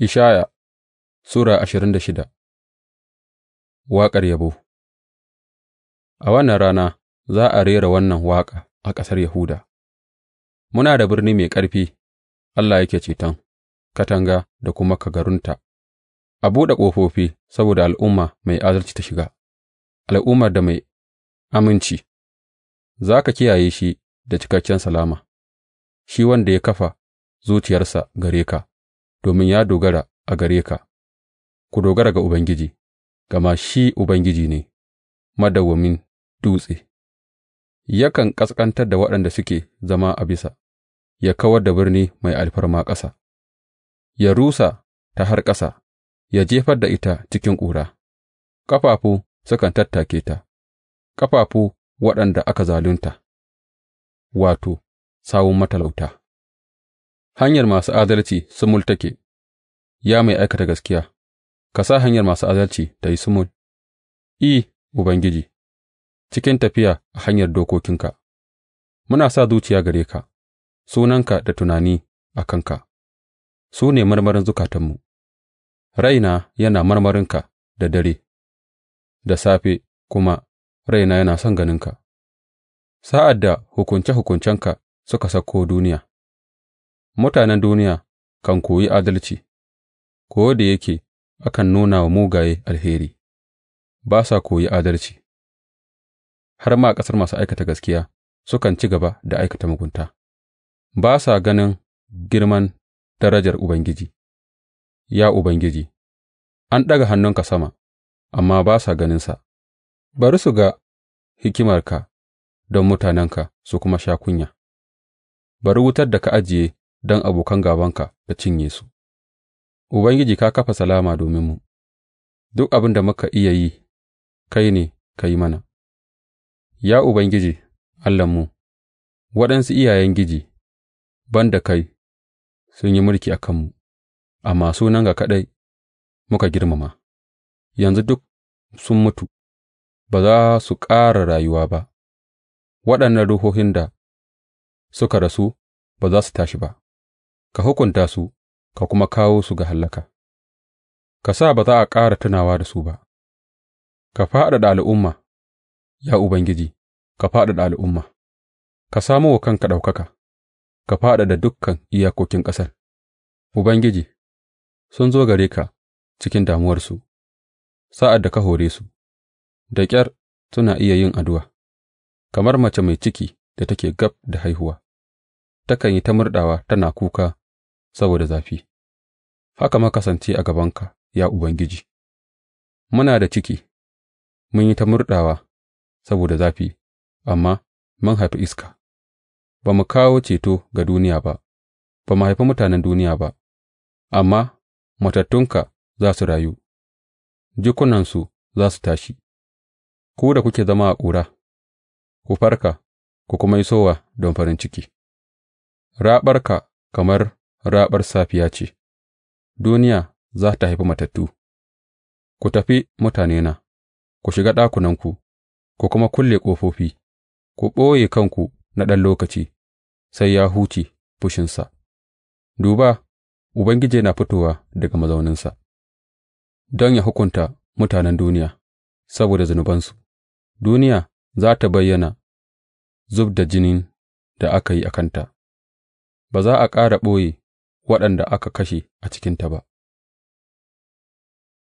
Ishaya Sura ashirin da shida Waƙar yabo A wannan rana za a rera wannan waƙa a ƙasar Yahuda, Muna da birni mai ƙarfi, Allah yake ceton, katanga da kuma kagarunta, a buɗe ƙofofi saboda al'umma mai adalci ta shiga, al'ummar da mai aminci, za ka kiyaye shi da cikakken salama, shi wanda ya kafa zuciyarsa gare ka. domin ya dogara a gare ka, ku dogara ga Ubangiji, gama shi Ubangiji ne, madawwamin dutse, yakan ƙasƙantar da waɗanda suke zama a bisa, ya kawar da birni mai alfarma ƙasa, ya rusa ta har ƙasa, ya jefar da ita cikin ƙura, ƙafafu sukan tattake ta, ƙafafu waɗanda aka zalunta, wato, sawun matalauta. Hanyar masu adalci sumul take, ya mai aikata gaskiya, ka sa hanyar masu azalci ta yi sumul, I, Ubangiji, cikin tafiya a hanyar dokokinka, muna sa zuciya gare ka, sunanka da tunani a kanka, su ne marmarin zukatanmu, raina yana marmarinka da dare, da safe kuma raina yana son ganinka, sa'ad da hukunce-hukuncenka suka sauko duniya, mutanen duniya kan koyi adalci. ko da yake akan nuna wa mugaye alheri, ba sa koyi adalci, har ma a ƙasar masu aikata gaskiya sukan ci gaba da aikata mugunta, ba sa ganin girman darajar Ubangiji, ya Ubangiji, an ɗaga hannunka sama, amma ba sa ganinsa, bari su ga hikimarka don mutanenka su kuma sha kunya, bari wutar da ka ajiye don abokan gabanka ka cinye su. Ubangiji ka kafa salama domin mu. duk abin da muka iya yi, kai ne ka yi mana, Ya Ubangiji Allahnmu, waɗansu iyayen giji, ban da kai sun yi mulki a kanmu, amma sunan ga kaɗai muka girmama, yanzu duk sun mutu, ba za su ƙara rayuwa ba, waɗannan ruhohin da suka rasu ba za su tashi ba, ka hukunta su. ka kuma kawo su ga hallaka, ka sa ba za a ƙara tunawa da su ba, ka fāɗaɗa al'umma, ya Ubangiji, ka fāɗaɗa al'umma, ka samo wa kanka ɗaukaka, ka fāɗaɗa dukkan iyakokin ƙasar, Ubangiji, sun zo gare ka cikin damuwarsu, sa'ad da ka hore su, da ƙyar suna iya yin addu'a, kamar mace mai ciki da take gab da haihuwa, takan yi ta murɗawa tana kuka saboda zafi, haka ma kasance a gabanka, ya Ubangiji, muna da ciki, mun yi ta murɗawa saboda zafi, amma mun haifi iska, ba mu kawo ceto ga duniya ba, ba mu haifi mutanen duniya ba, amma matattunka za su rayu, jikunansu za su tashi, ku da kuke zama a ƙura, ku farka, ku kuma yi sowa don farin ciki, raɓarka kamar raɓar safiya ce, duniya za ta haifi matattu, ku tafi mutanena, ku shiga ɗakunanku, ku kuma kulle ƙofofi, ku ɓoye kanku na ɗan lokaci, sai ya huce fushinsa. Duba, Ubangiji yana fitowa daga mazauninsa, don ya hukunta mutanen duniya saboda zunubansu, duniya za ta bayyana zub da jinin da aka yi a kanta, ba za a ƙara ɓoye waɗanda aka kashe a cikinta ba.